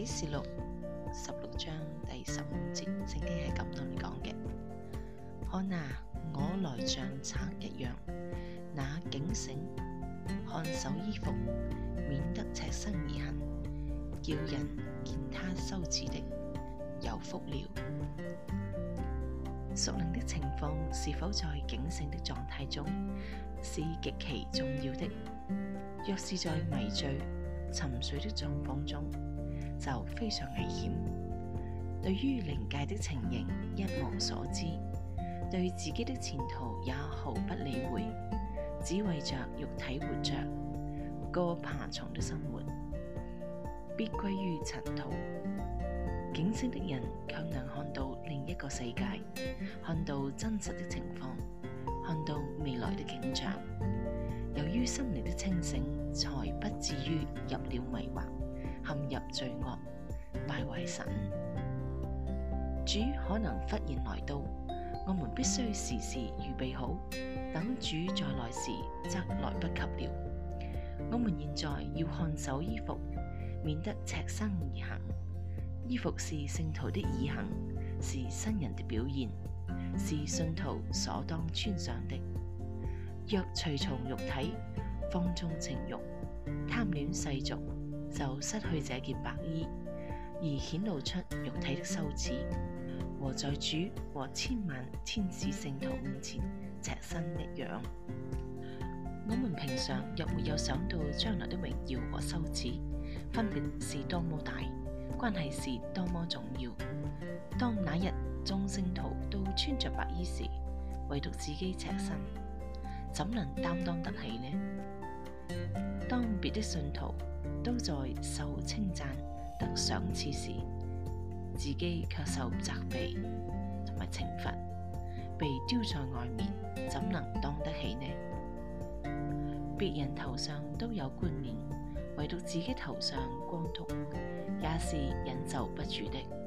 啟示錄十六章第十五節，聖經係咁同你講嘅，看哪，我來像賊一樣，那儆醒看守衣服，免得赤身而行，叫人見他羞恥的，有福了。屬靈的情況是否在警醒的狀態中，是極其重要的。若是在迷醉、沉睡的狀況中，就非常危險，對於靈界的情形一無所知，對自己的前途也毫不理會，只為着肉體活着，過爬蟲的生活，必歸於塵土。警醒的人卻能看到另一個世界，看到真實的情況，看到未來的景象。由於心靈的清醒，才不至於入了迷惑。陷入罪惡，拜偽神。主可能忽然來到，我們必須時時預備好，等主再來時則來不及了。我們現在要看守衣服，免得赤身而行。衣服是聖徒的義行，是新人的表現，是信徒所當穿上的。若隨從肉體，放縱情欲，貪戀世俗，就失去這件白衣，而顯露出肉體的羞恥和在主和千萬天使聖徒面前赤身一樣。我們平常若沒有想到將來的榮耀和羞恥分別是多麼大，關係是多麼重要。當那日眾聖徒都穿着白衣時，唯獨自己赤身，怎能擔當得起呢？當別的信徒，都在受稱讚得賞賜時，自己卻受責備同埋懲罰，被丟在外面，怎能當得起呢？別人頭上都有冠冕，唯獨自己頭上光禿，也是忍受不住的。